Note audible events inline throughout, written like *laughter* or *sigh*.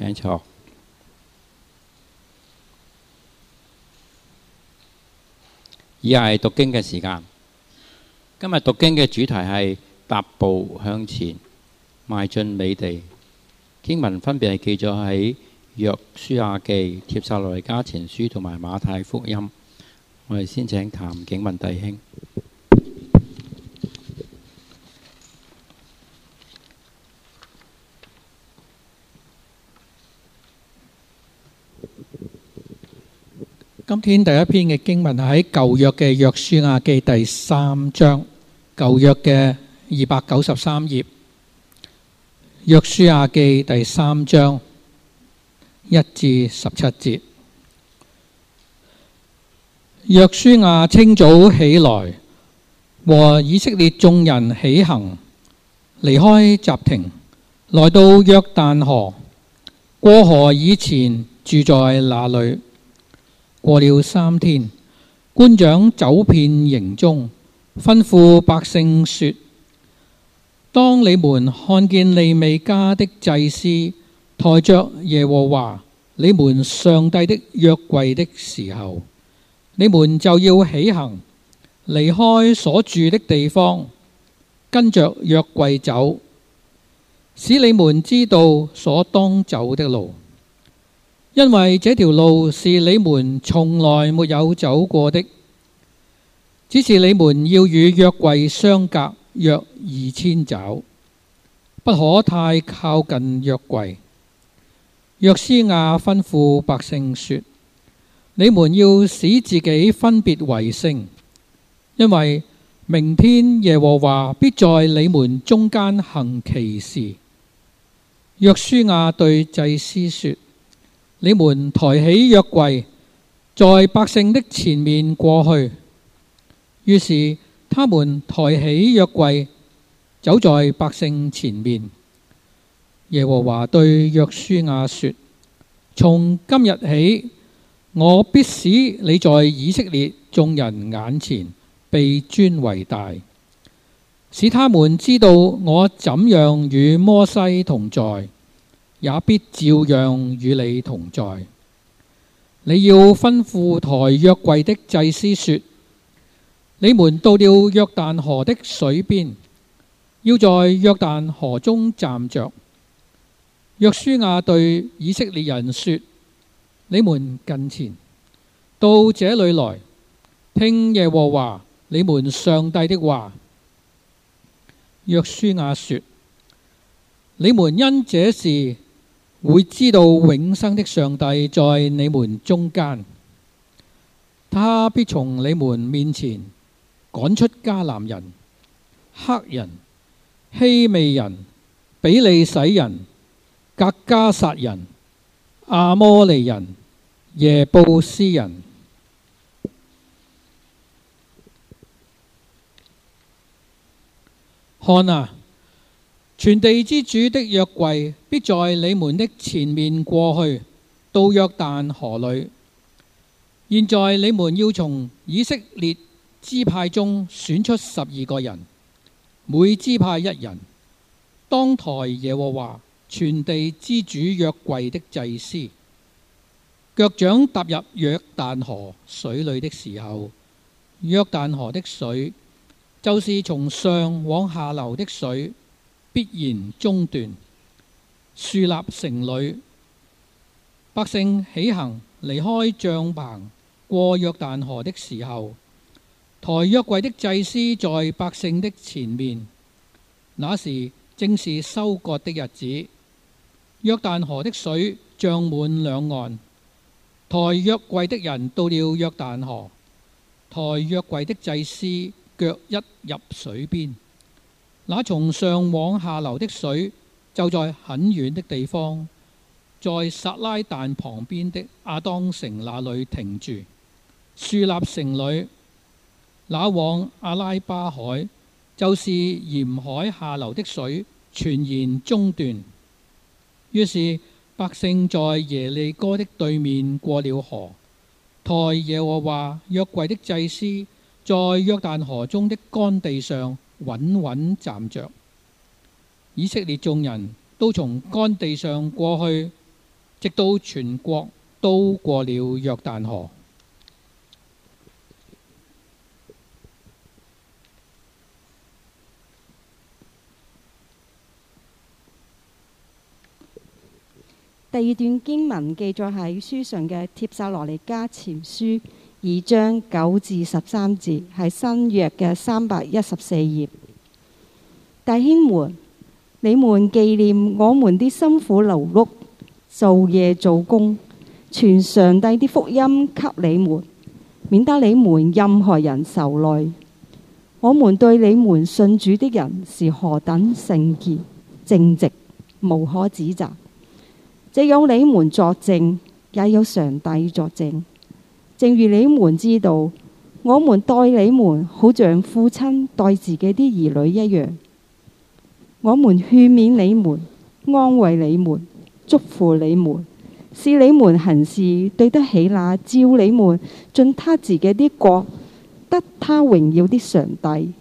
請坐。以下係讀經嘅時間，今日讀經嘅主題係踏步向前，邁進美地。經文分別係記咗喺約書亞記、帖撒羅尼迦前書同埋馬太福音。我哋先請譚景文弟兄。今天第一篇嘅經文係喺舊約嘅約書亞記第三章，舊約嘅二百九十三頁，約書亞記第三章一至十七節。約書亞清早起來，和以色列眾人起行，離開集亭，來到約旦河，過河以前住在那裡。過了三天，官長走遍營中，吩咐百姓說：當你們看見利未家的祭司抬着耶和華你們上帝的約櫃的時候，你們就要起行，離開所住的地方，跟着約櫃走，使你們知道所當走的路。因為這條路是你們從來沒有走過的，只是你們要與約櫃相隔約二千肘，不可太靠近約櫃。約書亞吩咐百姓說：你們要使自己分別為聖，因為明天耶和華必在你們中間行奇事。約書亞對祭司說。你們抬起約櫃，在百姓的前面過去。於是他們抬起約櫃，走在百姓前面。耶和華對約書亞說：從今日起，我必使你在以色列眾人眼前被尊為大，使他們知道我怎樣與摩西同在。也必照樣與你同在。你要吩咐抬約櫃的祭司說：你們到了約旦河的水邊，要在約旦河中站着。約書亞對以色列人說：你們近前，到這裏來，聽耶和華你們上帝的話。約書亞說：你們因這事。會知道永生的上帝在你們中間，他必從你們面前趕出迦南人、黑人、希未人、比利洗人、格加殺人、亞摩利人、耶布斯人。看啊，全地之主的約櫃，必在你們的前面過去到約旦河裏。現在你們要從以色列支派中選出十二個人，每支派一人。當抬耶和華全地之主約櫃的祭司腳掌踏入約旦河水裏的時候，約旦河的水就是從上往下流的水，必然中斷。樹立城裏，百姓起行離開帳棚，過約旦河的時候，抬約櫃的祭司在百姓的前面。那時正是收割的日子，約旦河的水漲滿兩岸。抬約櫃的人到了約旦河，抬約櫃的祭司腳一入水邊，那從上往下流的水。就在很遠的地方，在撒拉但旁邊的亞當城那裏停住，樹立城裏那往阿拉巴海，就是沿海下流的水全然中斷。於是百姓在耶利哥的對面過了河，抬耶和華約櫃的祭司在約旦河中的乾地上穩穩站着。以色列眾人都從乾地上過去，直到全國都過了約旦河。第二段經文記載喺書上嘅《帖撒羅尼迦前書》二章九至十三節，係新約嘅三百一十四頁。弟兄們。你們紀念我們啲辛苦勞碌，晝夜做工，傳上帝啲福音給你們，免得你們任何人受累。我們對你們信主的人是何等聖潔正直，無可指責。既有你們作證，也有上帝作證。正如你們知道，我們待你們好像父親待自己啲兒女一樣。我們勸勉你們，安慰你們，祝福你們，使你們行事對得起那召你們進他自己啲國、得他榮耀的上帝。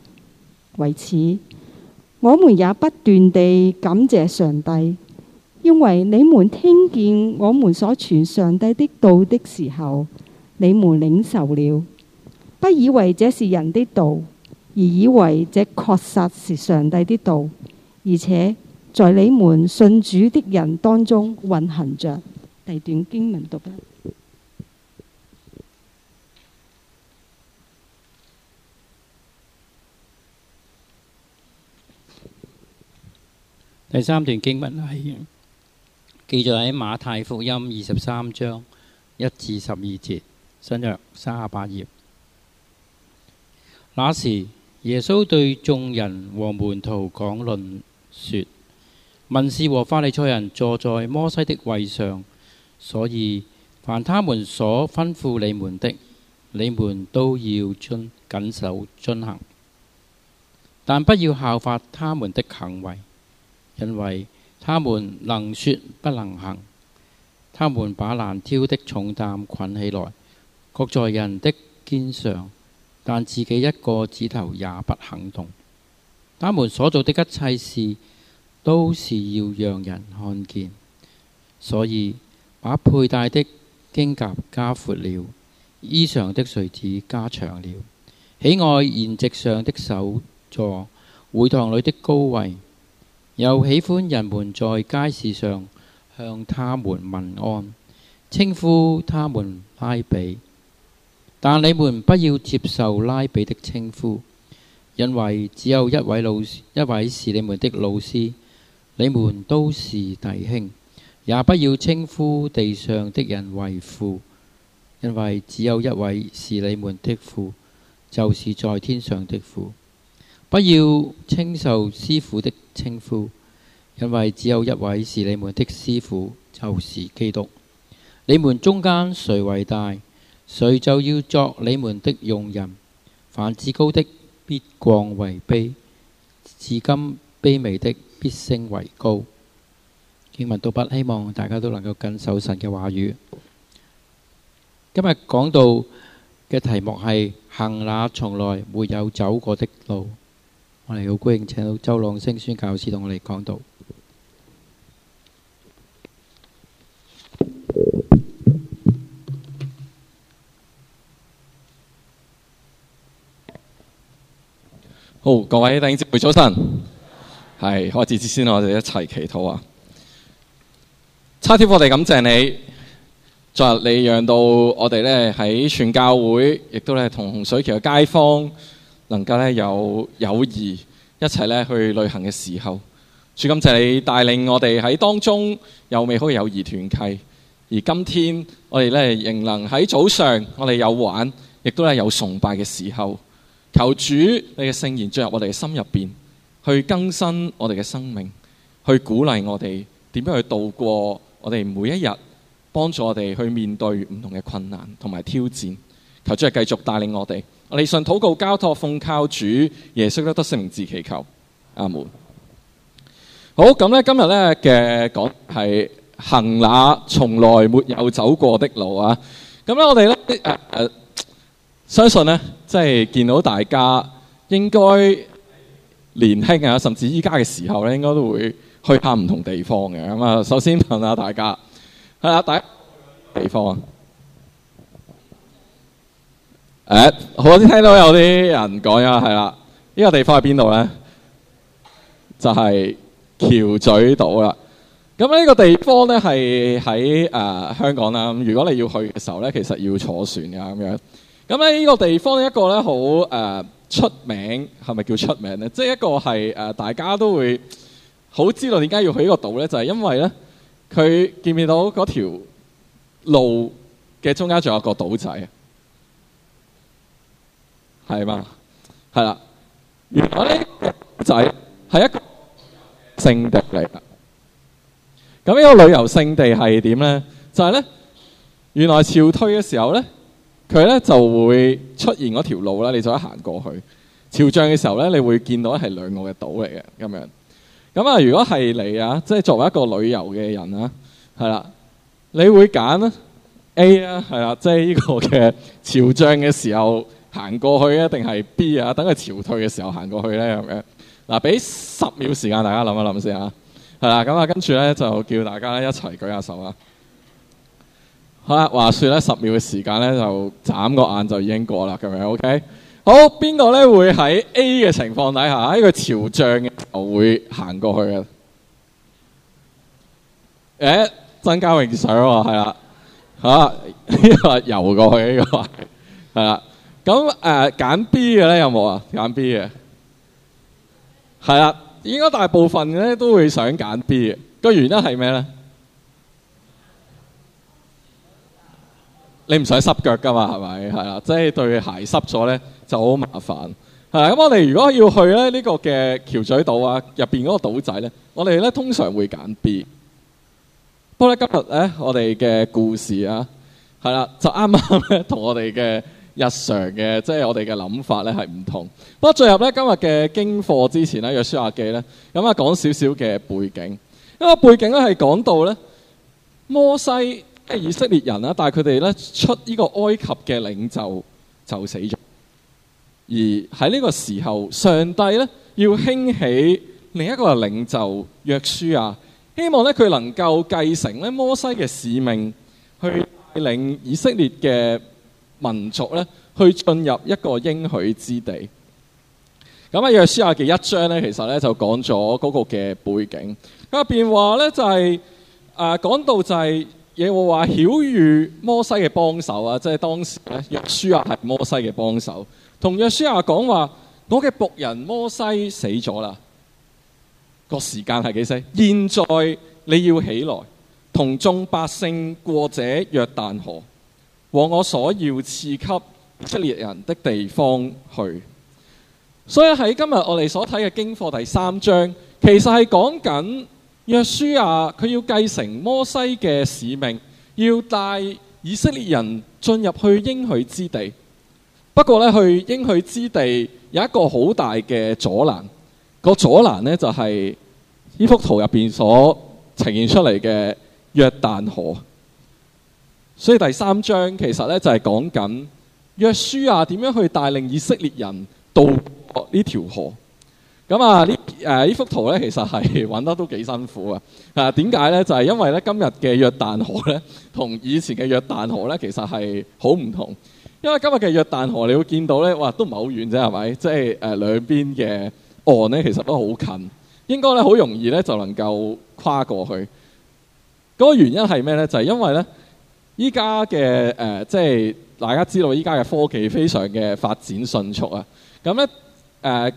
為此，我們也不斷地感謝上帝，因為你們聽見我們所傳上帝的道的時候，你們領受了，不以為這是人的道，而以為這確實是上帝的道。而且在你們信主的人當中運行着。第二段經文讀。第三段經文係記載喺馬太福音二十三章一至十二節，新約三十八頁。那時耶穌對眾人和門徒講論。說文士和法利賽人坐在摩西的位上，所以凡他們所吩咐你們的，你們都要遵謹守遵行。但不要效法他們的行為，因為他們能說不能行。他們把難挑的重擔捆起來，擱在人的肩上，但自己一個指頭也不肯動。他們所做的一切事，都是要讓人看見，所以把佩戴的經匣加闊了，衣裳的穗子加長了，喜愛筵席上的首座，會堂裏的高位，又喜歡人們在街市上向他們問安，稱呼他們拉比。但你們不要接受拉比的稱呼。因為只有一位老師，一位是你們的老師，你們都是弟兄，也不要稱呼地上的人為父。因為只有一位是你們的父，就是在天上的父。不要稱受師傅的稱呼，因為只有一位是你們的師傅，就是基督。你們中間誰為大，誰就要作你們的用人。凡自高的。必降為卑，至今卑微的必升為高。經文讀畢，希望大家都能夠謹守神嘅話語。今日講到嘅題目係行那從來沒有走過的路。我哋好歡迎請到鄒朗昇宣教師同我哋講道。好，各位弟兄姊妹，早晨，係、嗯、開始之先，我哋一齊祈禱啊！差啲我哋感謝你，昨日你讓到我哋咧喺全教會，亦都咧同洪水橋嘅街坊，能夠咧有友誼，一齊咧去旅行嘅時候，主感謝你帶領我哋喺當中有美好嘅友誼團契，而今天我哋咧仍能喺早上，我哋有玩，亦都咧有崇拜嘅時候。求主你嘅聖言進入我哋嘅心入邊，去更新我哋嘅生命，去鼓勵我哋點樣去度過我哋每一日，幫助我哋去面對唔同嘅困難同埋挑戰。求主係繼續帶領我哋，我哋信禱告交託，奉靠主耶穌得得勝名字祈求，阿門。好咁咧，今日咧嘅講係行那從來沒有走過的路啊！咁咧，我哋咧誒。呃呃相信咧，即係見到大家應該年輕啊，甚至依家嘅時候咧，應該都會去下唔同地方嘅咁啊。首先問下大家係啊，第一地方誒，欸、好似聽到有啲人講啊，係啦，呢個地方喺邊度咧？就係橋咀島啦。咁呢個地方咧係喺誒香港啦。如果你要去嘅時候咧，其實要坐船嘅咁樣。咁咧呢個地方一個咧好誒出名，係咪叫出名咧？即係一個係呃，大家都會好知道點解要去呢個島咧，就係因為咧佢見唔見到嗰條路嘅中間仲有一個島仔，係嘛，係啦。原來呢個島仔係一個聖地嚟噶。咁呢個旅遊勝地係點咧？就係咧，原來潮退嘅時候咧。佢咧就會出現嗰條路啦，你就可以行過去。潮漲嘅時候咧，你會見到係兩個嘅島嚟嘅咁樣。咁啊，如果係你啊，即係作為一個旅遊嘅人啊，係啦，你會揀啊 A 啊，係啦，即係呢個嘅潮漲嘅時候行過去咧，定係 B 啊？等佢潮退嘅時候行過去咧，咁樣嗱，俾十秒時間大家諗一諗先啊。係啦，咁啊，跟住咧就叫大家一齊舉下手啊！好啦，話説咧十秒嘅時間咧就眨個眼就已經過啦，咁樣 OK。好，邊個咧會喺 A 嘅情況底下喺個潮漲嘅會行過去嘅？真、欸、曾家榮想喎，係啦，嚇呢個游過去、呃、的呢個係啦。咁揀 B 嘅咧有冇啊？揀 B 嘅係啦，應該大部分咧都會想揀 B 嘅。個原因係咩咧？你唔使濕腳噶嘛，係咪？係啦，即係對鞋濕咗咧就好麻煩。係啦，咁我哋如果要去咧呢個嘅橋咀島啊，入邊嗰個島仔咧，我哋咧通常會揀 B。不過咧今日咧我哋嘅故事啊，係啦，就啱啱咧同我哋嘅日常嘅，即係我哋嘅諗法咧係唔同。不過進入咧今日嘅經課之前咧，約書亞記咧，咁啊講少少嘅背景。因為背景咧係講到咧摩西。以色列人啦，但係佢哋咧出呢個埃及嘅領袖就死咗，而喺呢個時候，上帝咧要興起另一個嘅領袖約書亞，希望咧佢能夠繼承咧摩西嘅使命，去領以色列嘅民族咧去進入一個應許之地。咁喺約書亞嘅一章咧，其實咧就講咗嗰個嘅背景。咁入邊話咧就係誒，講到就係、是。耶和華曉諭摩西嘅幫手啊，即係當時咧，約書亞係摩西嘅幫手，同約書亞講話：我嘅僕人摩西死咗啦，個時間係幾時？現在你要起來，同眾百姓過者約旦河，往我所要賜給以色列人的地方去。所以喺今日我哋所睇嘅經課第三章，其實係講緊。約書亞、啊、佢要繼承摩西嘅使命，要帶以色列人進入去應許之地。不過呢，去應許之地有一個好大嘅阻攔，個阻攔呢，就係、是、呢幅圖入邊所呈現出嚟嘅約旦河。所以第三章其實呢，就係講緊約書亞、啊、點樣去帶領以色列人渡過呢條河。咁啊呢？誒、啊、呢幅圖咧，其實係揾得都幾辛苦啊！嚇點解咧？就係、是、因為咧，今日嘅約旦河咧，同以前嘅約旦河咧，其實係好唔同。因為今日嘅約旦河，你會見到咧，哇，都唔係好遠啫，係咪？即係誒兩邊嘅岸咧，其實都好近，應該咧好容易咧就能夠跨過去。嗰、那個原因係咩咧？就係、是、因為咧，依家嘅誒，即、呃、係、就是、大家知道，依家嘅科技非常嘅發展迅速啊！咁咧誒。呃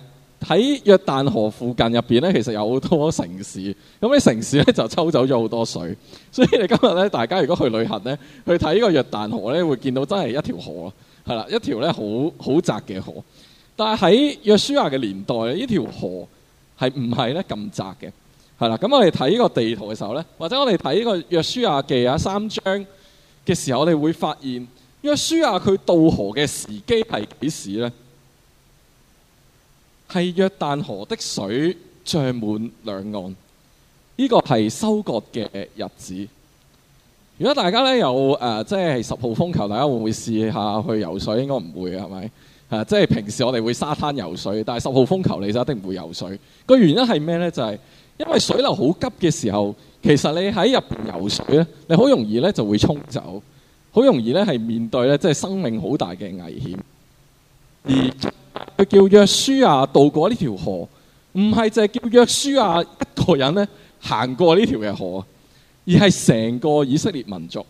喺約旦河附近入邊咧，其實有好多城市。咁啲城市咧就抽走咗好多水，所以你今日咧，大家如果去旅行咧，去睇呢個約旦河咧，會見到真係一條河咯，係啦，一條咧好好窄嘅河。但係喺約書亞嘅年代，呢條河係唔係咧咁窄嘅？係啦，咁我哋睇呢個地圖嘅時候咧，或者我哋睇呢個約書亞記啊三章嘅時候，我哋會發現約書亞佢渡河嘅時機係幾時咧？係約旦河的水漲滿兩岸，呢個係收割嘅日子。如果大家咧有誒即係十號風球，大家會唔會試下去游水？應該唔會嘅係咪？啊，即係平時我哋會沙灘游水，但係十號風球你就一定唔會游水。個原因係咩呢？就係因為水流好急嘅時候，其實你喺入邊游水咧，你好容易咧就會沖走，好容易咧係面對咧即係生命好大嘅危險。而佢叫約書亞渡過呢條河，唔係淨係叫約書亞一個人咧行過呢條嘅河，而係成個以色列民族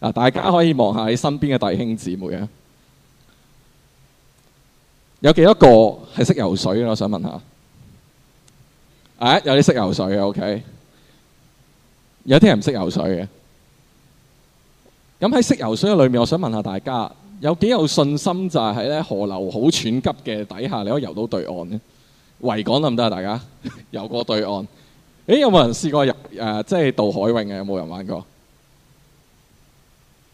啊！大家可以望下你身邊嘅弟兄姊妹啊，有幾多個係識游水？我想問下，誒、哎，有啲識游水嘅，OK，有啲人唔識游水嘅。咁喺識游水嘅裏面，我想問下大家。有幾有信心就係喺河流好湍急嘅底下，你可以游到對岸嘅？維港得唔得啊？大家 *laughs* 游過對岸？誒，有冇人試過入誒、呃，即係渡海泳嘅、啊？有冇人玩過？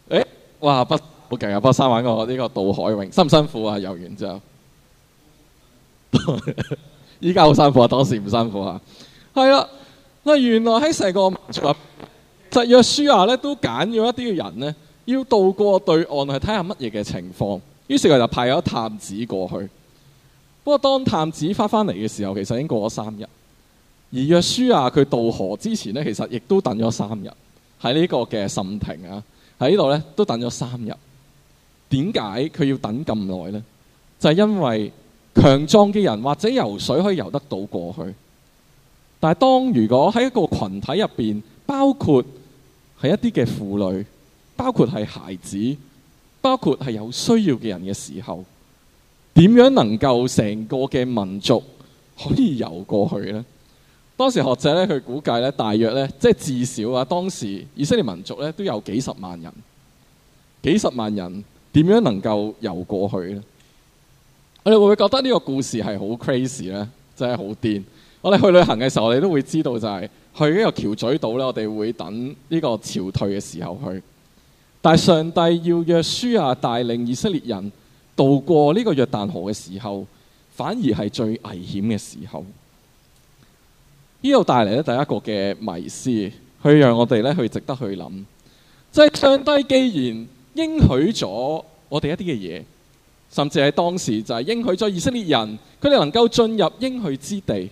誒，哇！不，好勁啊！佛山玩過呢、這個渡海泳，辛唔辛苦啊？游完之後，依家好辛苦啊！當時唔辛苦啊？係啊，啊，原來喺成個就約書亞咧，都揀咗一啲嘅人咧。要渡過對岸去睇下乜嘢嘅情況，於是佢就派咗探子過去。不過當探子翻返嚟嘅時候，其實已經過咗三日。而約書亞佢渡河之前咧，其實亦、啊、都等咗三日喺呢個嘅什亭啊，喺呢度咧都等咗三日。點解佢要等咁耐呢？就係、是、因為強壯嘅人或者游水可以游得到過去，但係當如果喺一個群體入邊，包括係一啲嘅婦女。包括係孩子，包括係有需要嘅人嘅時候，點樣能夠成個嘅民族可以游過去呢？當時學者咧，佢估計咧，大約咧，即係至少啊，當時以色列民族咧都有幾十萬人，幾十萬人點樣能夠游過去呢？我哋會唔會覺得呢個故事係好 crazy 呢？真係好癲！我哋去旅行嘅時候，我哋都會知道就係去呢個橋咀島咧，我哋會等呢個潮退嘅時候去。但係上帝要約書亞帶領以色列人渡過呢個約旦河嘅時候，反而係最危險嘅時候。呢度帶嚟，咧第一個嘅迷思，去讓我哋咧去值得去諗，即係上帝既然應許咗我哋一啲嘅嘢，甚至係當時就係應許咗以色列人，佢哋能夠進入應許之地，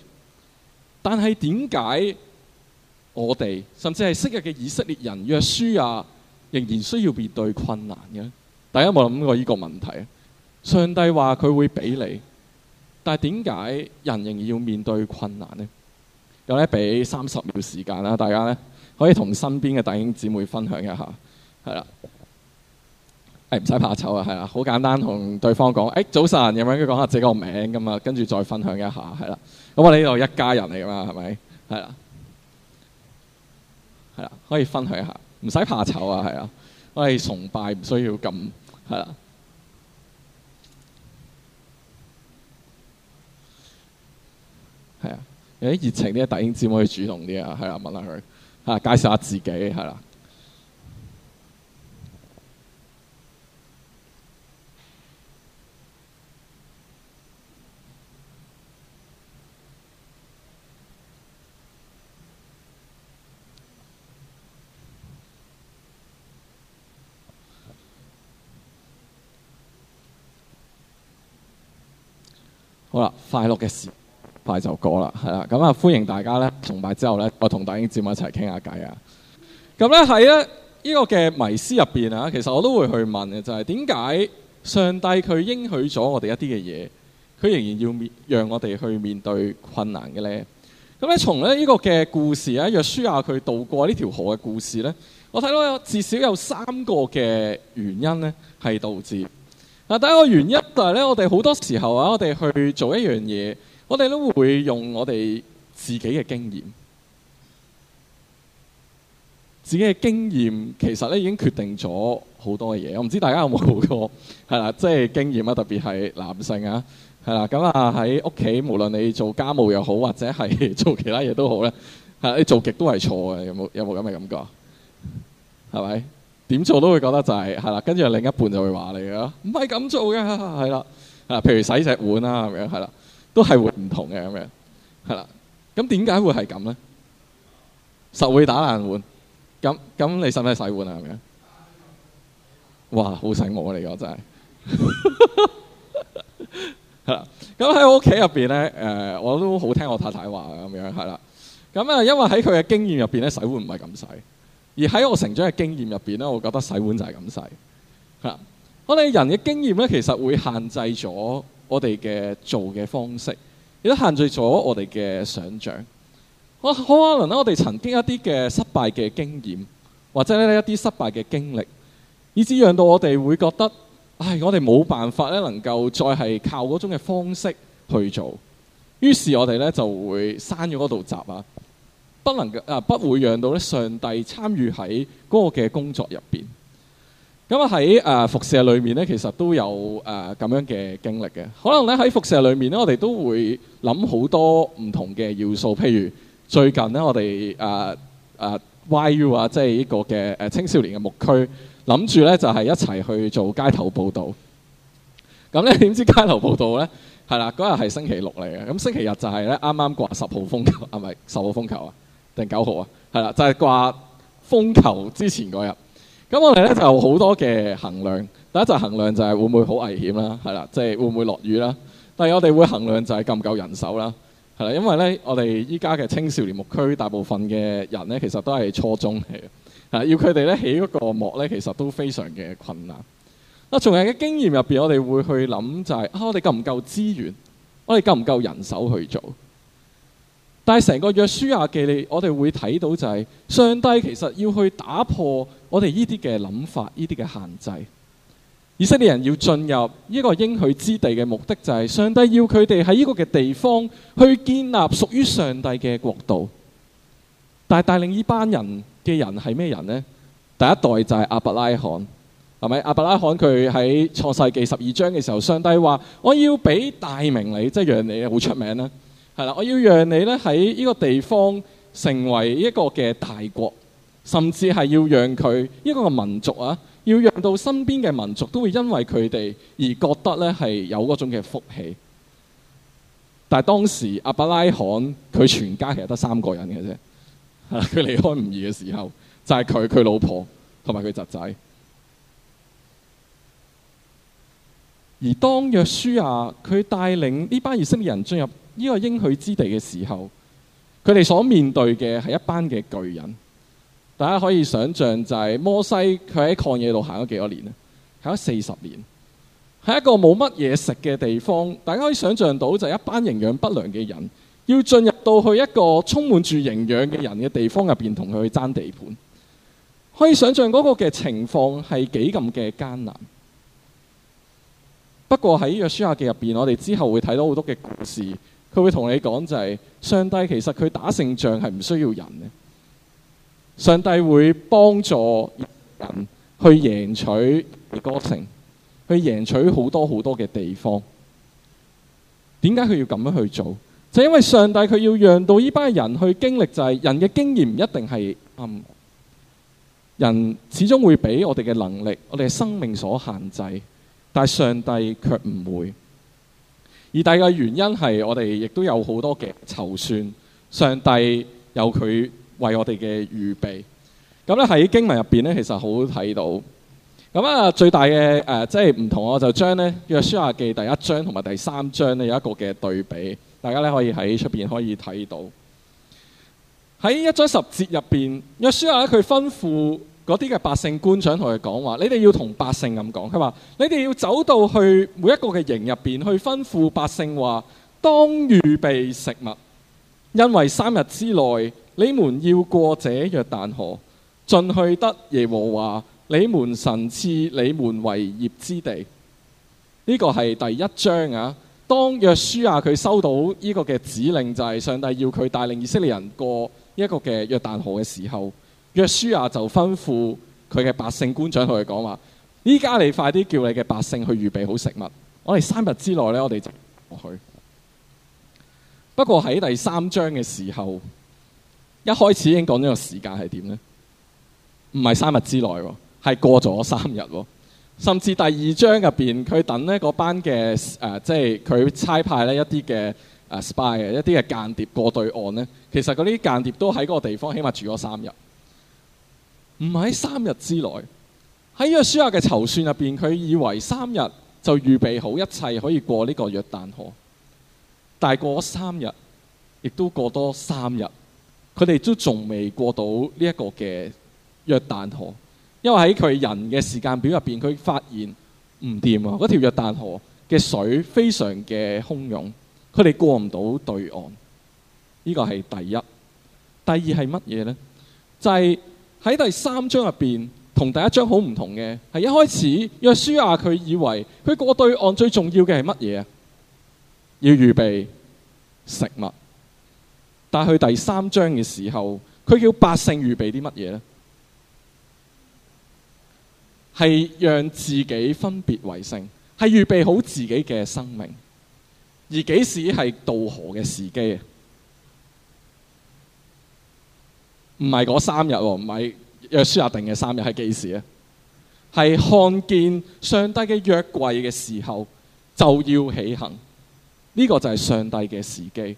但係點解我哋，甚至係昔日嘅以色列人約書亞？仍然需要面對困難嘅，大家有冇諗過呢個問題？上帝話佢會俾你，但係點解人仍然要面對困難呢？有咧俾三十秒時間啦，大家咧可以同身邊嘅弟兄姊妹分享一下，係啦，誒唔使怕醜啊，係啦，好簡單同對方講，誒、哎、早晨，有咁樣講下自己個名咁啊，跟住再分享一下，係啦，咁我哋呢度一家人嚟㗎嘛，係咪？係啦，係啦，可以分享一下。唔使怕醜啊，係啊，我哋崇拜，唔需要咁，係啊，係啊，有啲熱情啲，弟兄姊妹主動啲啊，係啊，問下佢嚇、啊，介紹下自己，係啦、啊。好啦，快樂嘅事快就過啦，係啦，咁啊歡迎大家咧崇拜之後咧，我同大英節目一齊傾下偈啊。咁咧喺咧呢，呢、這個嘅迷思入面啊，其實我都會去問嘅就係點解上帝佢應許咗我哋一啲嘅嘢，佢仍然要面讓我哋去面對困難嘅咧。咁咧從咧呢，從呢、這個嘅故事啊，約書亞佢渡過呢條河嘅故事咧，我睇到有至少有三個嘅原因咧係導致。嗱，第一個原因就係咧，我哋好多時候啊，我哋去做一樣嘢，我哋都會用我哋自己嘅經驗，自己嘅經驗其實咧已經決定咗好多嘢。我唔知大家有冇過係啦，即係經驗啊，特別係男性啊，係啦，咁啊喺屋企，無論你做家務又好，或者係做其他嘢都好咧，係你做極都係錯嘅。有冇，有冇咁嘅感覺？係咪？點做都會覺得就係係啦，跟住另一半就會話你嘅唔係咁做嘅係啦。啊，譬如洗隻碗啦，咁樣係啦，都係會唔同嘅咁樣係啦。咁點解會係咁咧？實會打爛碗，咁咁你使唔使洗碗啊？咁樣哇，好醒 *laughs* *laughs* 我你個真係係啦。咁喺我屋企入面咧，誒我都好聽我太太話咁樣係啦。咁啊，因為喺佢嘅經驗入面咧，洗碗唔係咁洗。而喺我成長嘅經驗入邊咧，我覺得洗碗就係咁洗。嚇，我哋人嘅經驗咧，其實會限制咗我哋嘅做嘅方式，亦都限制咗我哋嘅想像。好可能咧，我哋曾經一啲嘅失敗嘅經驗，或者咧一啲失敗嘅經歷，以致讓到我哋會覺得，唉，我哋冇辦法咧能夠再係靠嗰種嘅方式去做，於是我哋咧就會刪咗嗰道閘啊。不能嘅、啊、不會讓到咧上帝參與喺嗰個嘅工作入邊。咁啊喺誒服侍裏面咧，其實都有誒咁、啊、樣嘅經歷嘅。可能咧喺服侍裏面咧，我哋都會諗好多唔同嘅要素。譬如最近咧，我哋誒誒、啊啊、Y U 啊，即係呢個嘅誒青少年嘅牧區，諗住咧就係、是、一齊去做街頭報導。咁咧點知道街頭報導咧係啦，嗰日係星期六嚟嘅。咁星期日就係咧啱啱掛十號風球，係、啊、咪十號風球啊？定九號啊，係啦，就係掛風球之前嗰日。咁我哋咧就好多嘅衡量，第一就係衡量就係會唔會好危險啦，係啦，即係會唔會落雨啦。第二我哋會衡量就係夠唔夠人手啦，係啦，因為咧我哋依家嘅青少年牧區大部分嘅人咧，其實都係初中嚟嘅，啊，要佢哋咧起嗰個幕咧，其實都非常嘅困難。啊，從人嘅經驗入邊，我哋會去諗就係啊，我哋夠唔夠資源？我哋夠唔夠人手去做？但係成個約書亞記，你我哋會睇到就係上帝其實要去打破我哋呢啲嘅諗法、呢啲嘅限制。以色列人要進入呢個應許之地嘅目的就係上帝要佢哋喺呢個嘅地方去建立屬於上帝嘅國度。但係帶領呢班人嘅人係咩人呢？第一代就係亞伯拉罕，係咪？亞伯拉罕佢喺創世紀十二章嘅時候，上帝話我要俾大名你，即係讓你好出名啦。係啦，我要讓你咧喺呢個地方成為一個嘅大國，甚至係要讓佢呢個民族啊，要讓到身邊嘅民族都會因為佢哋而覺得咧係有嗰種嘅福氣。但係當時亞伯拉罕，佢全家其實得三個人嘅啫，佢離開吾珥嘅時候就係、是、佢、佢老婆同埋佢侄仔。而當約書亞、啊、佢帶領呢班以色列人進入呢個應許之地嘅時候，佢哋所面對嘅係一班嘅巨人。大家可以想象就係摩西佢喺曠野度行咗幾多年呢，行咗四十年，喺一個冇乜嘢食嘅地方，大家可以想象到就係一班營養不良嘅人，要進入到去一個充滿住營養嘅人嘅地方入邊同佢去爭地盤，可以想象嗰個嘅情況係幾咁嘅艱難。不過喺《約書亞記》入邊，我哋之後會睇到好多嘅故事。佢會同你講就係、是，上帝其實佢打勝仗係唔需要人嘅。上帝會幫助人去贏取的歌城，去贏取好多好多嘅地方。點解佢要咁樣去做？就是、因為上帝佢要讓到呢班人去經歷，就係、是、人嘅經驗唔一定係啱、嗯、人始終會俾我哋嘅能力，我哋嘅生命所限制。但上帝卻唔會，而第二個原因係我哋亦都有好多嘅籌算，上帝有佢為我哋嘅預備。咁咧喺經文入邊咧，其實好睇到。咁啊，最大嘅誒、呃，即係唔同，我就將咧約書亞記第一章同埋第三章咧有一個嘅對比，大家咧可以喺出邊可以睇到。喺一章十節入邊，約書亞佢吩咐。嗰啲嘅百姓官長同佢講話，你哋要同百姓咁講。佢話你哋要走到去每一個嘅營入邊去吩咐百姓話，當預備食物，因為三日之內你們要過這約旦河，進去得耶和華你們神賜你們為業之地。呢、這個係第一章啊。當約書亞佢收到呢個嘅指令，就係、是、上帝要佢帶領以色列人過呢一個嘅約旦河嘅時候。約書亞就吩咐佢嘅百姓官長同佢講話：依家你快啲叫你嘅百姓去預備好食物。我哋三日之內咧，我哋就去。不過喺第三章嘅時候，一開始已經講咗個時間係點咧？唔係三日之內喎，係過咗三日喎。甚至第二章入邊，佢等咧嗰班嘅誒，即係佢差派咧一啲嘅誒 spy 啊，一啲嘅間諜過對岸咧。其實嗰啲間諜都喺嗰個地方，起碼住咗三日。唔喺三日之內，喺呢個書亞嘅籌算入邊，佢以為三日就預備好一切可以過呢個約旦河。但係過咗三日，亦都過多三日，佢哋都仲未過到呢一個嘅約旦河，因為喺佢人嘅時間表入邊，佢發現唔掂啊！嗰條約旦河嘅水非常嘅洶湧，佢哋過唔到對岸。呢、這個係第一，第二係乜嘢呢？就係、是。喺第三章入邊，同第一章好唔同嘅，係一開始約書亞佢以為佢過對岸最重要嘅係乜嘢啊？要預備食物，但係去第三章嘅時候，佢叫百姓預備啲乜嘢咧？係讓自己分別為聖，係預備好自己嘅生命，而幾時係渡河嘅時機啊？唔係嗰三日，唔係約書亞定嘅三日，係幾時咧？係看見上帝嘅約櫃嘅時候，就要起行。呢、呢個就係上帝嘅時機。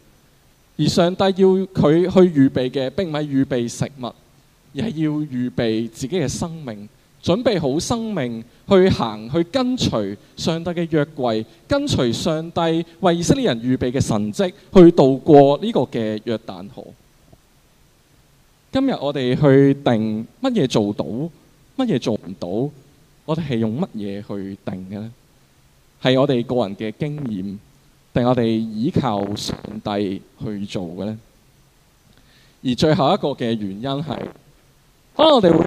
而上帝要佢去預備嘅，並唔係預備食物，而係要預備自己嘅生命，準備好生命去行，去跟隨上帝嘅約櫃，跟隨上帝為以色列人預備嘅神蹟，去渡過呢個嘅約旦河。今日我哋去定乜嘢做到，乜嘢做唔到？我哋係用乜嘢去定嘅咧？係我哋個人嘅經驗，定我哋依靠上帝去做嘅咧？而最後一個嘅原因係，可能我哋會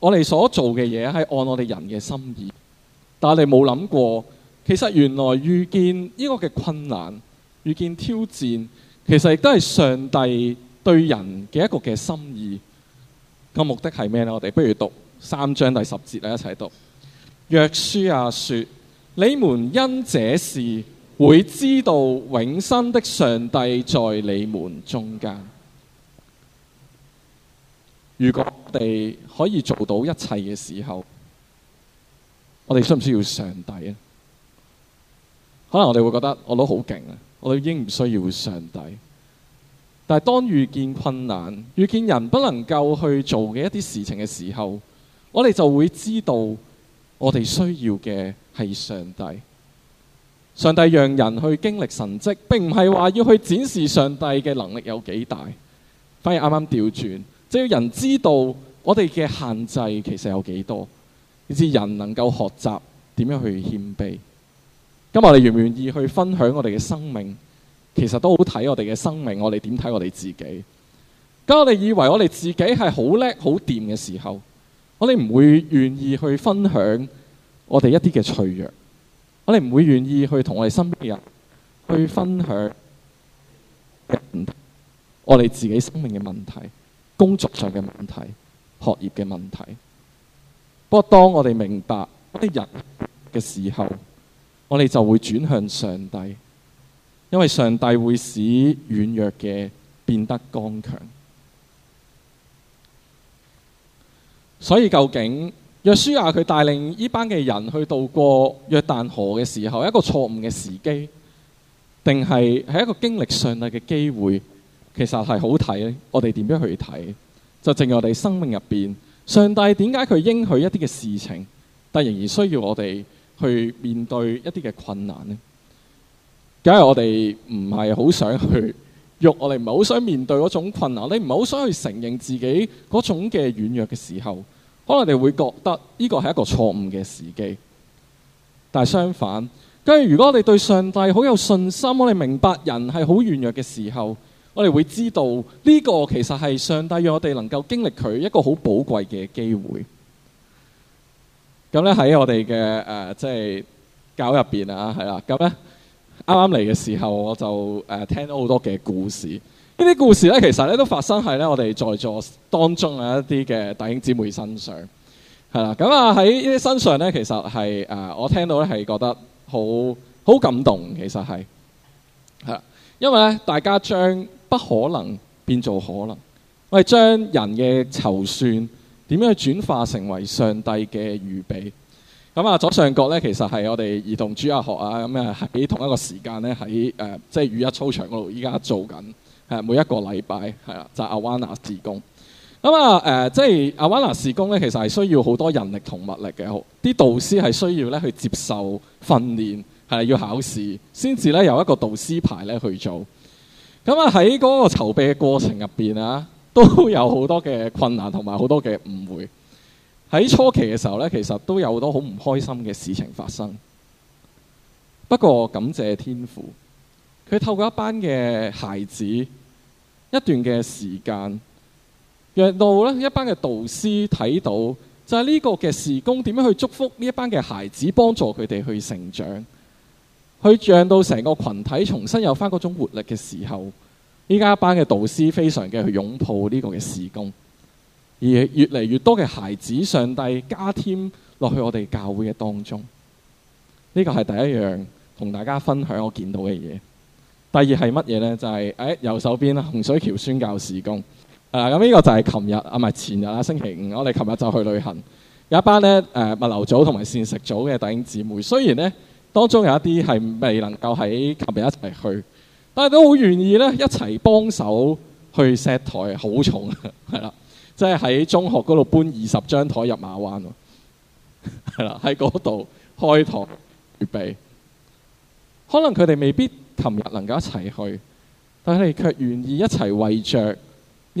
我哋所做嘅嘢係按我哋人嘅心意，但係冇諗過，其實原來遇見呢個嘅困難，遇見挑戰，其實亦都係上帝。對人嘅一個嘅心意、個目的係咩呢？我哋不如讀三章第十節咧，一齊讀。約書亞說：你們因這事會知道永生的上帝在你們中間。如果我哋可以做到一切嘅時候，我哋需唔需要上帝啊？可能我哋會覺得我都好勁啊，我都已經唔需要上帝。但係當遇見困難，遇見人不能夠去做嘅一啲事情嘅時候，我哋就會知道我哋需要嘅係上帝。上帝讓人去經歷神蹟，並唔係話要去展示上帝嘅能力有幾大。反而啱啱調轉，只要人知道我哋嘅限制其實有幾多，以致人能夠學習點樣去謙卑。今日我哋願唔願意去分享我哋嘅生命？其實都好睇我哋嘅生命，我哋點睇我哋自己？當我哋以為我哋自己係好叻、好掂嘅時候，我哋唔會願意去分享我哋一啲嘅脆弱，我哋唔會願意去同我哋身邊人去分享我哋自己生命嘅問題、工作上嘅問題、學業嘅問題。不過當我哋明白啲人嘅時候，我哋就會轉向上帝。因為上帝會使軟弱嘅變得剛強，所以究竟約書亞佢帶領呢班嘅人去渡過約旦河嘅時候，一個錯誤嘅時機，定係係一個經歷上帝嘅機會？其實係好睇，我哋點樣去睇？就正如我哋生命入邊，上帝點解佢應許一啲嘅事情，但仍然需要我哋去面對一啲嘅困難呢？假如我哋唔係好想去，欲我哋唔係好想面對嗰種困難，你唔係好想去承認自己嗰種嘅軟弱嘅時候，可能你會覺得呢個係一個錯誤嘅時機。但係相反，假如如果我哋對上帝好有信心，我哋明白人係好軟弱嘅時候，我哋會知道呢個其實係上帝讓我哋能夠經歷佢一個好寶貴嘅機會。咁咧喺我哋嘅誒、即、呃、係、就是、教入邊啊，係啦，咁咧。啱啱嚟嘅時候，我就誒、呃、聽到好多嘅故事。呢啲故事咧，其實咧都發生喺咧我哋在座當中嘅一啲嘅弟兄姊妹身上，係啦。咁啊喺呢啲身上咧，其實係、呃、我聽到咧係覺得好好感動，其實係係因為咧大家將不可能變做可能，我哋將人嘅籌算點樣去轉化成為上帝嘅預備。咁啊，左上角咧，其實係我哋兒童主日學啊，咁啊喺同一個時間咧，喺誒即係雨一操場嗰度，依家做緊誒每一個禮拜係啊，就阿瓦娜事工。咁啊誒，即係阿瓦娜事工咧，其實係需要好多人力同物力嘅，好啲導師係需要咧去接受訓練，係要考試，先至咧有一個導師牌咧去做。咁啊，喺嗰個籌備嘅過程入邊啊，都有好多嘅困難同埋好多嘅誤會。喺初期嘅時候咧，其實都有好多好唔開心嘅事情發生。不過感謝天父，佢透過一班嘅孩子，一段嘅時間，讓到咧一班嘅導師睇到，就係、是、呢個嘅事工點樣去祝福呢一班嘅孩子，幫助佢哋去成長，去讓到成個群體重新有返嗰種活力嘅時候，依家一班嘅導師非常嘅去擁抱呢個嘅事工。而越嚟越多嘅孩子，上帝加添落去我哋教會嘅當中，呢個係第一樣同大家分享我見到嘅嘢。第二係乜嘢呢？就係、是、誒、哎，右手邊啦，洪水橋宣教事工啊。咁呢個就係琴日啊，唔係前日啊，星期五我哋琴日就去旅行，有一班咧誒、啊、物流組同埋膳食組嘅弟兄姊妹。雖然呢當中有一啲係未能夠喺琴日一齊去，但係都好願意咧一齊幫手去 set 台，好重係啦。即係喺中學嗰度搬二十張台入馬灣喎，係啦，喺嗰度開台預備。可能佢哋未必琴日能夠一齊去，但係佢哋卻願意一齊為著呢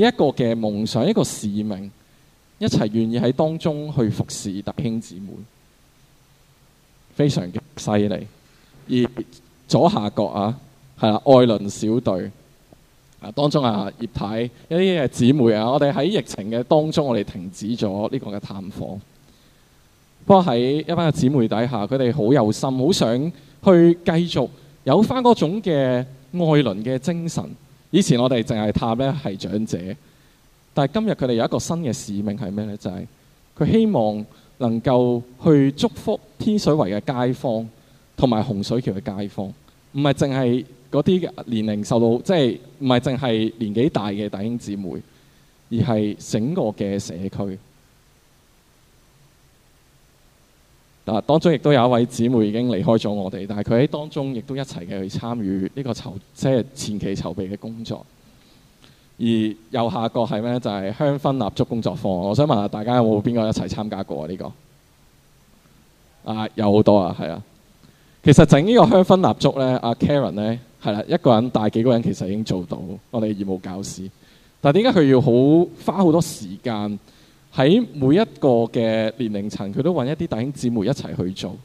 一個嘅夢想、一個使命，一齊願意喺當中去服侍弟兄姊妹，非常嘅犀利。而左下角啊，係啦，愛倫小隊。啊！當中啊，葉太一啲嘅姊妹啊，我哋喺疫情嘅當中，我哋停止咗呢個嘅探訪。不過喺一班嘅姊妹底下，佢哋好有心，好想去繼續有返嗰種嘅愛鄰嘅精神。以前我哋淨係探咧係長者，但係今日佢哋有一個新嘅使命係咩呢？就係、是、佢希望能夠去祝福天水圍嘅街坊同埋洪水橋嘅街坊。唔係淨係嗰啲年齡受到，即係唔係淨係年紀大嘅弟兄姊妹，而係整個嘅社區。嗱，當中亦都有一位姊妹已經離開咗我哋，但係佢喺當中亦都一齊嘅去參與呢個籌，即係前期籌備嘅工作。而右下角係咩？就係香薰蠟燭工作坊。我想問下大家有冇邊個一齊參加過呢個？啊，有好多啊，係啊。其實整呢個香薰蠟燭呢，阿 Karen 呢，係啦，一個人帶幾個人其實已經做到，我哋義務教師。但係點解佢要好花好多時間喺每一個嘅年齡層，佢都揾一啲弟兄姊妹一齊去做？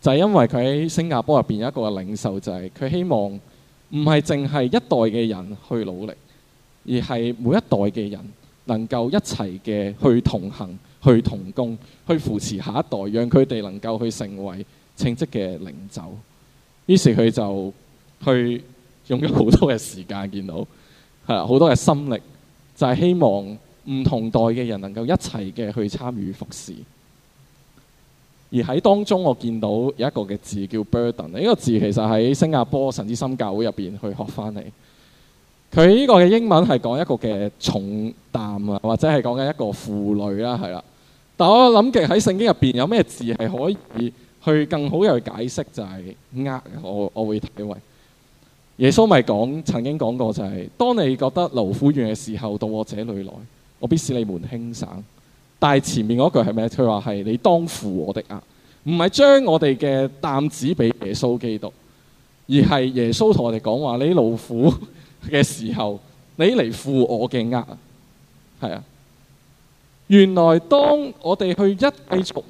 就係、是、因為佢喺新加坡入邊有一個領袖，就係、是、佢希望唔係淨係一代嘅人去努力，而係每一代嘅人能夠一齊嘅去同行、去同工、去扶持下一代，讓佢哋能夠去成為，稱職嘅領袖，於是佢就去用咗好多嘅時間，見到係好多嘅心力，就係、是、希望唔同代嘅人能夠一齊嘅去參與服侍。而喺當中，我見到有一個嘅字叫 burden，呢個字其實喺新加坡神之心教會入邊去學翻嚟，佢呢個嘅英文係講一個嘅重擔啊，或者係講緊一個負累啦，係啦。但係我諗極喺聖經入邊有咩字係可以？去更好嘅解釋就係軛。我，我會體會。耶穌咪講曾經講過就係、是，當你覺得勞苦遠嘅時候，到我這裏來，我必使你們輕省。但係前面嗰句係咩？佢話係你當負我的軛，唔係將我哋嘅擔子俾耶穌基督，而係耶穌同我哋講話：你勞苦嘅時候，你嚟負我嘅軛。係啊，原來當我哋去一繼續，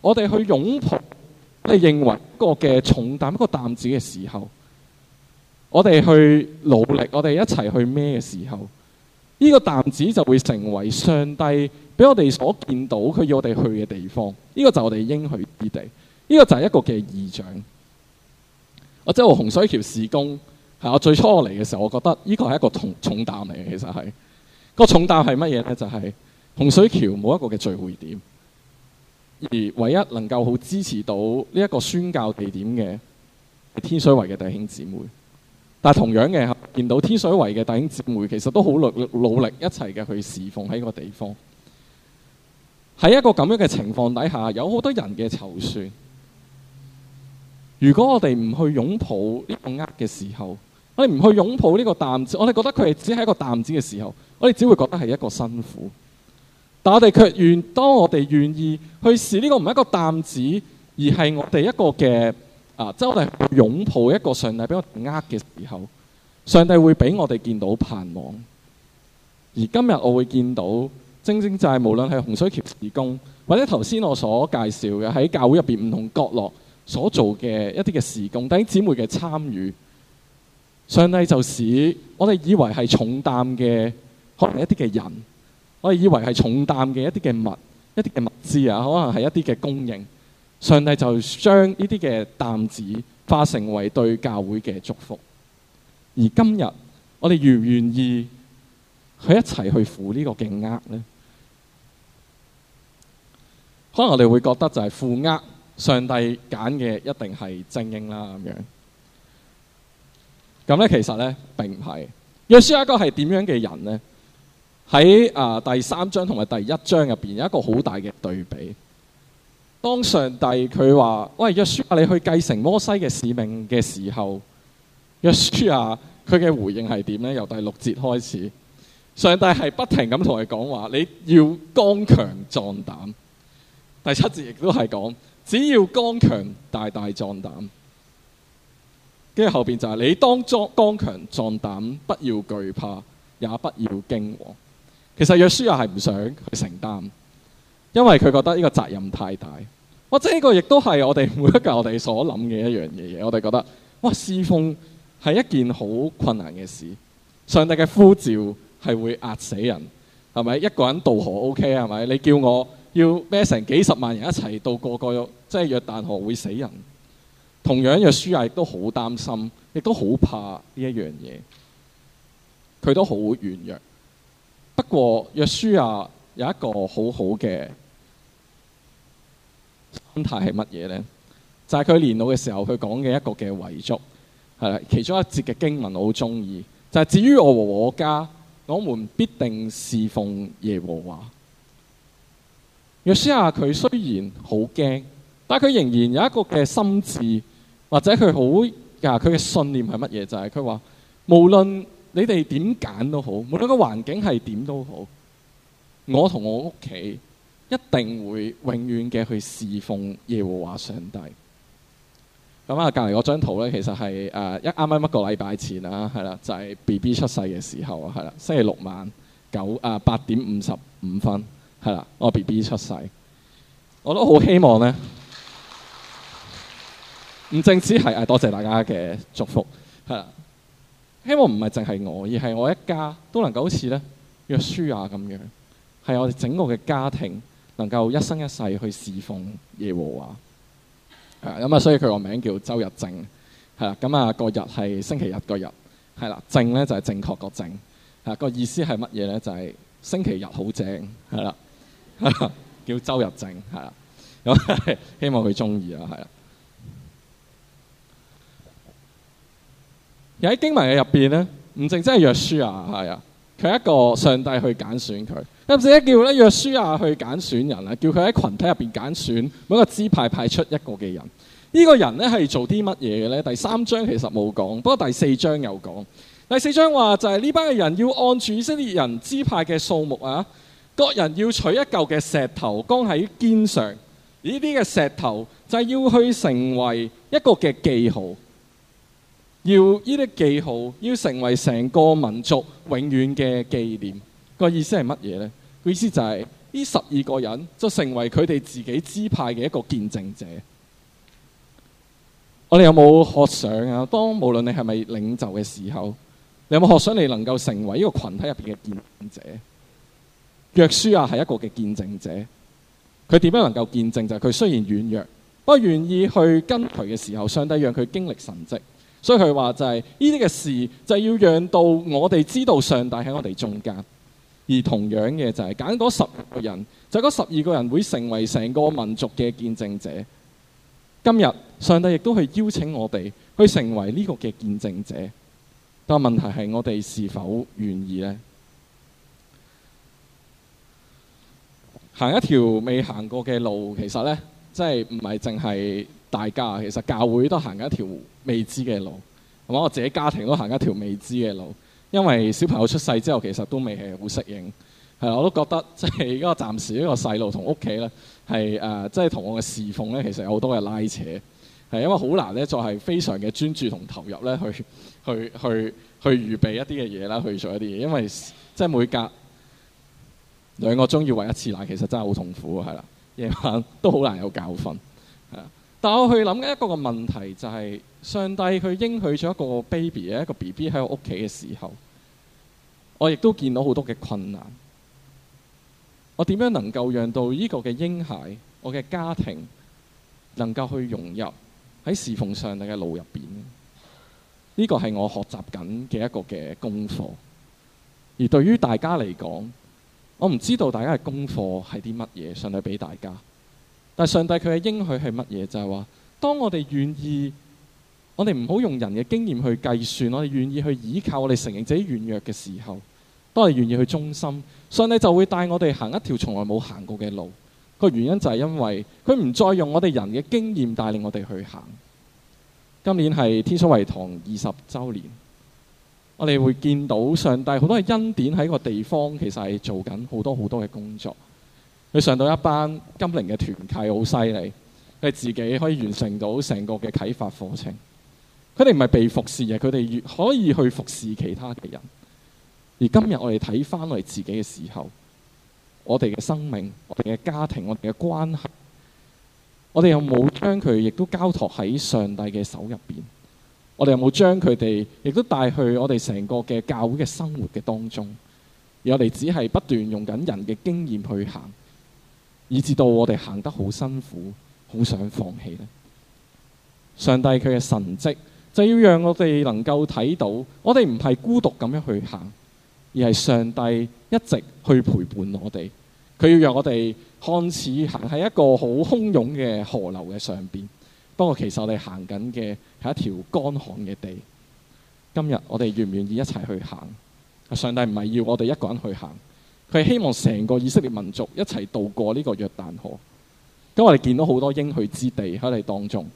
我哋去擁抱。你認為一個嘅重擔，一個擔子嘅時候，我哋去努力，我哋一齊去孭嘅時候，呢、這個擔子就會成為上帝俾我哋所見到佢要我哋去嘅地方。呢、這個就我哋應去之地。呢、這個就係一個嘅異象。我即係洪水橋事工，係我最初嚟嘅時候，我覺得呢個係一個重重擔嚟嘅。其實係、這個重擔係乜嘢咧？就係、是、洪水橋冇一個嘅聚會點。而唯一能夠好支持到呢一個宣教地點嘅，係天水圍嘅弟兄姊妹。但同樣嘅，見到天水圍嘅弟兄姊妹其實都好努努力一齊嘅去侍奉喺一個地方。喺一個咁樣嘅情況底下，有好多人嘅籌算。如果我哋唔去擁抱呢個呃嘅時候，我哋唔去擁抱呢個擔子，我哋覺得佢只係一個擔子嘅時候，我哋只會覺得係一個辛苦。但我哋卻願，當我哋願意去試呢個唔係一個擔子，而係我哋一個嘅啊，即係我哋擁抱一個上帝俾我哋呃嘅時候，上帝會俾我哋見到盼望。而今日我會見到，正正就係無論係洪水橋事工，或者頭先我所介紹嘅喺教會入邊唔同角落所做嘅一啲嘅事工，弟兄姊妹嘅參與，上帝就使我哋以為係重擔嘅，可能一啲嘅人。我哋以為係重擔嘅一啲嘅物，一啲嘅物資啊，可能係一啲嘅供應。上帝就將呢啲嘅擔子化成為對教會嘅祝福。而今日我哋願唔願意去一齊去負呢個嘅軛咧？可能我哋會覺得就係負軛，上帝揀嘅一定係精英啦咁樣。咁咧其實咧並唔係。約書亞哥係點樣嘅人咧？喺啊第三章同埋第一章入邊有一個好大嘅對比。當上帝佢話，喂，約書亞、啊、你去繼承摩西嘅使命嘅時候，約書亞佢嘅回應係點呢？由第六節開始，上帝係不停咁同佢講話，你要剛強壯膽。第七節亦都係講，只要剛強大大壯膽，跟住後邊就係、是、你當作剛強壯膽，不要懼怕，也不要驚惶。其實約書亞係唔想去承擔，因為佢覺得呢個責任太大。或者呢個亦都係我哋每一個我哋所諗嘅一樣嘢嘢。我哋覺得哇，事奉係一件好困難嘅事。上帝嘅呼召係會壓死人，係咪？一個人渡河 OK，係咪？你叫我要孭成幾十萬人一齊渡過個，即係約旦河會死人。同樣約書亞亦都好擔心，亦都好怕呢一樣嘢。佢都好軟弱。不過，約書亞有一個好好嘅心態係乜嘢呢？就係佢年老嘅時候，佢講嘅一個嘅遺囑係啦，其中一節嘅經文我好中意，就係至於我和我家，我們必定侍奉耶和華。約書亞佢雖然好驚，但係佢仍然有一個嘅心智，或者佢好啊，佢嘅信念係乜嘢？就係佢話無論。你哋點揀都好，無論個環境係點都好，我同我屋企一定會永遠嘅去侍奉耶和華上帝。咁啊，隔籬嗰張圖咧，其實係誒一啱啱一個禮拜前啦，係啦，就係、是、B B 出世嘅時候啊，係啦，星期六晚九啊八、呃、點五十五分，係啦，我 B B 出世。我都好希望咧，唔淨只係，多謝大家嘅祝福，係啦。希望唔係淨係我，而係我一家都能夠好似咧約書亞咁樣，係我哋整個嘅家庭能夠一生一世去侍奉耶和華。誒，咁、嗯、啊，所以佢個名叫周日正，係啦，咁、那、啊個日係星期日個日，係啦，正咧就係正確個正，啊個意思係乜嘢咧？就係、是、星期日好正，係啦， *laughs* *laughs* 叫周日正，係啦，咁希望佢中意啊，係啦。喺經文嘅入邊咧，唔淨真係約書亞啊，係啊，佢一個上帝去揀選佢，甚至咧叫咧約書亞啊去揀選人啊，叫佢喺群體入邊揀選每個支派派出一個嘅人。呢、這個人咧係做啲乜嘢嘅咧？第三章其實冇講，不過第四章有講。第四章話就係呢班嘅人要按住以色列人支派嘅數目啊，各人要取一嚿嘅石頭，扛喺肩上。呢啲嘅石頭就係要去成為一個嘅記號。要呢啲記號，要成為成個民族永遠嘅紀念。個意思係乜嘢呢？個意思就係呢十二個人就成為佢哋自己支派嘅一個見證者。我哋有冇學想啊？當無論你係咪領袖嘅時候，你有冇學想你能夠成為呢個群體入邊嘅見證者？約書亞係一個嘅見證者，佢點樣能夠見證？就係佢雖然軟弱，不過願意去跟隨嘅時候，上帝讓佢經歷神蹟。所以佢話就係呢啲嘅事就係要讓到我哋知道上帝喺我哋中間，而同樣嘅就係揀嗰十個人，就係嗰十二個人會成為成個民族嘅見證者。今日上帝亦都去邀請我哋去成為呢個嘅見證者，但問題係我哋是否願意咧？行一條未行過嘅路，其實咧，即係唔係淨係。大家其實教會都行緊一條未知嘅路，係嘛？我自己家庭都行緊一條未知嘅路，因為小朋友出世之後，其實都未係好適應，係啦，我都覺得即係嗰個暫時呢個細路同屋企咧係誒，即係同我嘅侍奉咧，其實有好多嘅拉扯，係因為好難咧，就係非常嘅專注同投入咧，去去去去預備一啲嘅嘢啦，去做一啲嘢，因為即係每隔兩個鐘要餵一次奶，其實真係好痛苦，係啦，夜晚都好難有覺瞓。但我去諗嘅一個嘅問題就係，上帝佢應許咗一個 baby，嘅一個 B B 喺我屋企嘅時候，我亦都見到好多嘅困難。我點樣能夠讓到呢個嘅嬰孩，我嘅家庭能夠去融入喺侍奉上帝嘅路入邊？呢個係我學習緊嘅一個嘅功課。而對於大家嚟講，我唔知道大家嘅功課係啲乜嘢，上帝俾大家。但係上帝佢嘅應許係乜嘢？就係話，當我哋願意，我哋唔好用人嘅經驗去計算，我哋願意去依靠，我哋承認自己軟弱嘅時候，都係願意去忠心。上帝就會帶我哋行一條從來冇行過嘅路。個原因就係因為佢唔再用我哋人嘅經驗帶領我哋去行。今年係天水圍堂二十周年，我哋會見到上帝好多嘅恩典喺個地方，其實係做緊好多好多嘅工作。佢上到一班金陵嘅團契好犀利，佢自己可以完成到成個嘅啟發課程。佢哋唔係被服侍嘅，佢哋越可以去服侍其他嘅人。而今日我哋睇翻，我哋自己嘅時候，我哋嘅生命、我哋嘅家庭、我哋嘅關係，我哋有冇將佢亦都交託喺上帝嘅手入邊？我哋有冇將佢哋亦都帶去我哋成個嘅教會嘅生活嘅當中？而我哋只係不斷用緊人嘅經驗去行。以至到我哋行得好辛苦，好想放棄咧。上帝佢嘅神跡就要讓我哋能夠睇到，我哋唔係孤獨咁樣去行，而係上帝一直去陪伴我哋。佢要讓我哋看似行喺一個好洶湧嘅河流嘅上邊，不過其實我哋行緊嘅係一條乾旱嘅地。今日我哋願唔願意一齊去行？上帝唔係要我哋一個人去行。佢希望成個以色列民族一齊渡過呢個約旦河。咁我哋見到好多應許之地喺我哋當中，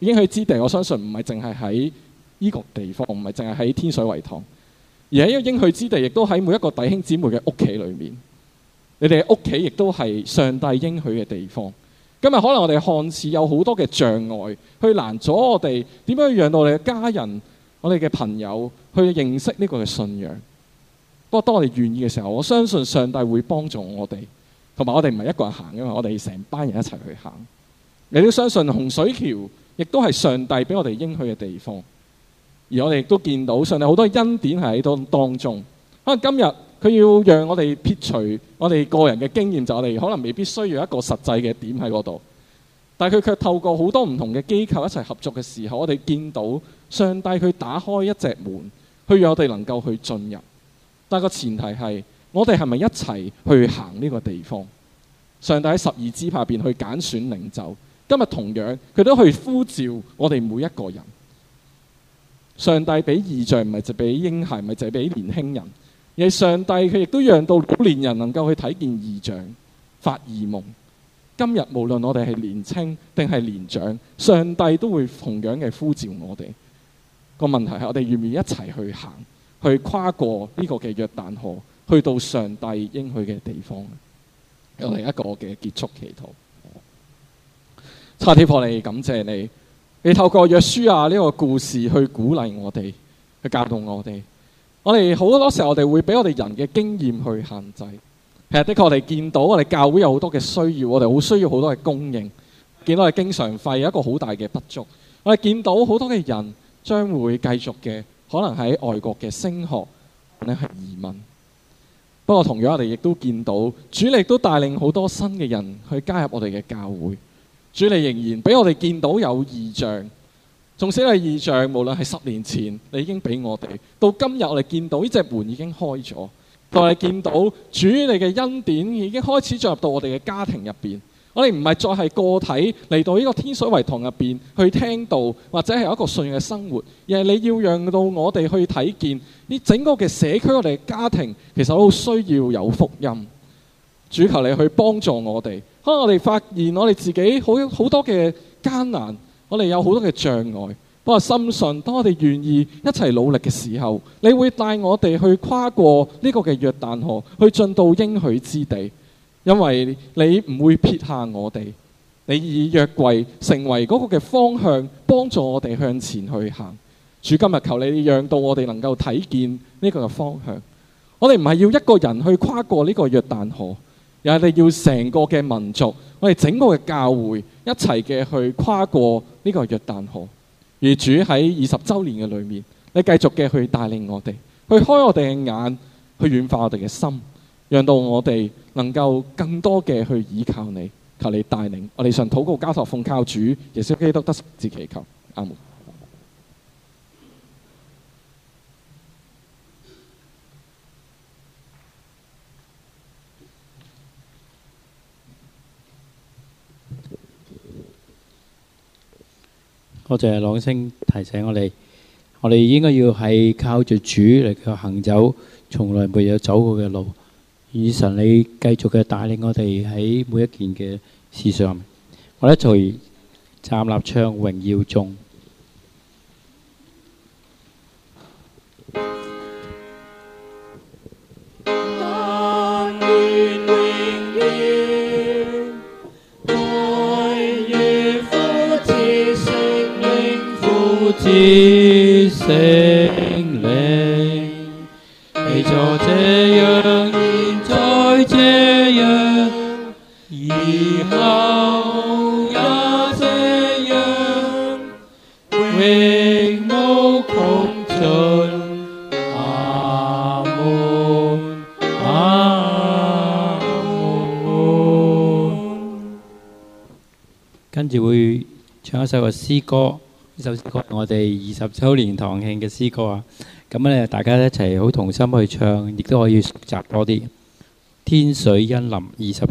應許之地我相信唔係淨係喺呢個地方，唔係淨係喺天水圍堂，而喺一個應許之地，亦都喺每一個弟兄姊妹嘅屋企裏面。你哋屋企亦都係上帝應許嘅地方。今日可能我哋看似有好多嘅障礙，去攔阻我哋，點樣去讓到我哋嘅家人、我哋嘅朋友去認識呢個嘅信仰。不過，當我哋願意嘅時候，我相信上帝會幫助我哋。同埋，我哋唔係一個人行，因為，我哋成班人一齊去行。你都相信洪水橋亦都係上帝俾我哋應去嘅地方，而我哋亦都見到上帝好多恩典喺度當中。可能今日佢要讓我哋撇除我哋個人嘅經驗，就我哋可能未必需要一個實際嘅點喺嗰度，但係佢卻透過好多唔同嘅機構一齊合作嘅時候，我哋見到上帝佢打開一隻門，去讓我哋能夠去進入。但係個前提係，我哋係咪一齊去行呢個地方？上帝喺十二支派邊去揀選領袖，今日同樣佢都去呼召我哋每一個人。上帝俾異象唔係就俾嬰孩，唔係就俾年輕人，而係上帝佢亦都讓到老年人能夠去睇見異象、發異夢。今日無論我哋係年青定係年長，上帝都會同樣嘅呼召我哋。個問題係我哋願唔願意一齊去行？去跨過呢個嘅約旦河，去到上帝應許嘅地方。有另一個嘅結束祈禱，差啲破例感謝你。你透過約書亞呢個故事去鼓勵我哋，去教導我哋。我哋好多時候我哋會俾我哋人嘅經驗去限制。其實的確我哋見到我哋教會有好多嘅需要，我哋好需要好多嘅供應。見到我哋經常費有一個好大嘅不足。我哋見到好多嘅人將會繼續嘅。可能喺外國嘅升學或者係移民。不過同樣我哋亦都見到主力都帶領好多新嘅人去加入我哋嘅教會，主力仍然俾我哋見到有異象，仲使係異象，無論係十年前，你已經俾我哋到今日我哋見到呢隻門已經開咗，到我哋見到主你嘅恩典已經開始進入到我哋嘅家庭入邊。我哋唔係再係個體嚟到呢個天水圍堂入邊去聽道，或者係一個信仰嘅生活，而係你要讓到我哋去睇見，呢整個嘅社區、我哋嘅家庭，其實好需要有福音。主求你去幫助我哋，可能我哋發現我哋自己好好多嘅艱難，我哋有好多嘅障礙。不過深信，當我哋願意一齊努力嘅時候，你會帶我哋去跨過呢個嘅約旦河，去進到應許之地。因為你唔會撇下我哋，你以約櫃成為嗰個嘅方向，幫助我哋向前去行。主今日求你讓到我哋能夠睇見呢個嘅方向。我哋唔係要一個人去跨過呢個約旦河，而係你要成個嘅民族，我哋整個嘅教會一齊嘅去跨過呢個約旦河。而主喺二十周年嘅裏面，你繼續嘅去帶領我哋，去開我哋嘅眼，去軟化我哋嘅心。讓到我哋能夠更多嘅去倚靠你，求你帶領。我哋將禱告交託奉靠主，耶穌基督得實至祈求。阿門。多謝朗昇提醒我哋，我哋應該要係靠着主嚟去行走，從來沒有走過嘅路。以神你繼續嘅帶領我哋喺每一件嘅事上，我哋一齊站立唱榮耀中。但願永遠，愛越呼召聖靈，呼召聖靈，你就這樣。以後也這樣，永無窮盡，阿們，阿們。跟住會唱一首個詩歌，呢首詩歌係我哋二十周年堂慶嘅詩歌啊。咁咧，大家一齊好同心去唱，亦都可以熟習多啲《天水恩林二十載》。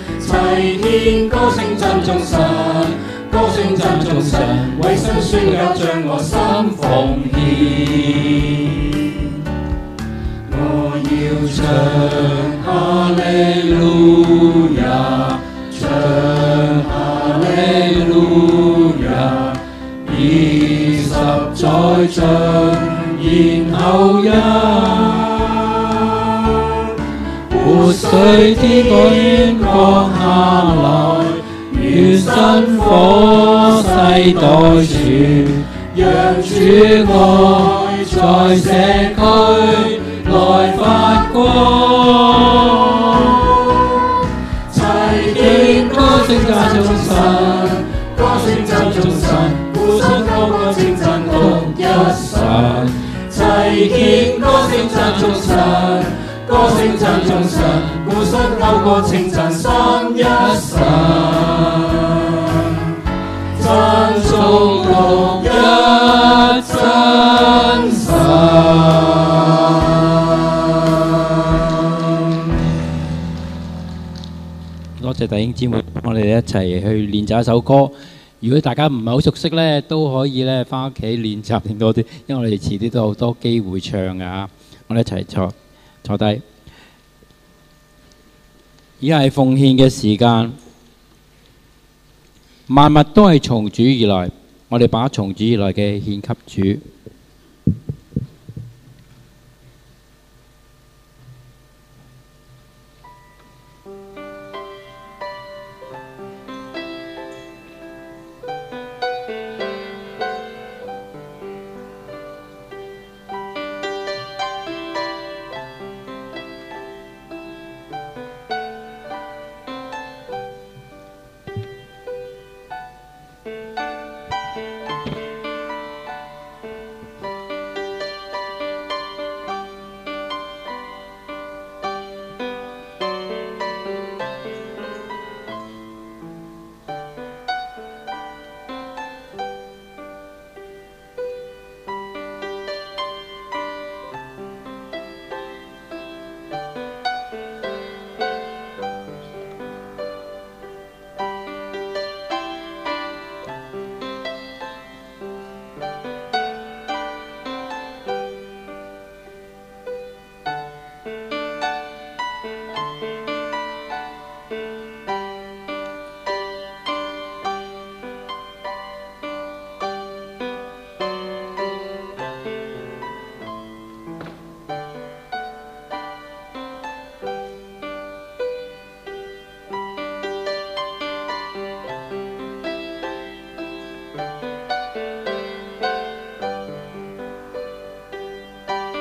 齊天高聲讚眾神，高聲讚眾神為神宣友將我心奉獻。我要唱哈利路亞，唱哈利路亞，二十再唱，然後呀。水天降下來，如薪火世代傳，讓主愛在社區來發光。齊建歌聲讚頌神，歌聲讚頌神，互相高歌聲震獨一神。齊建歌聲讚頌神。歌聲讚頌上，互相救過情塵心一神，三祝共一真神。多謝大英姊妹，我哋一齊去練習一首歌。如果大家唔係好熟悉咧，都可以咧翻屋企練習聽多啲，因為我哋遲啲都有好多機會唱噶吓，我哋一齊唱。坐低，而係奉獻嘅時間，萬物都係從主而來，我哋把從主而來嘅獻給主。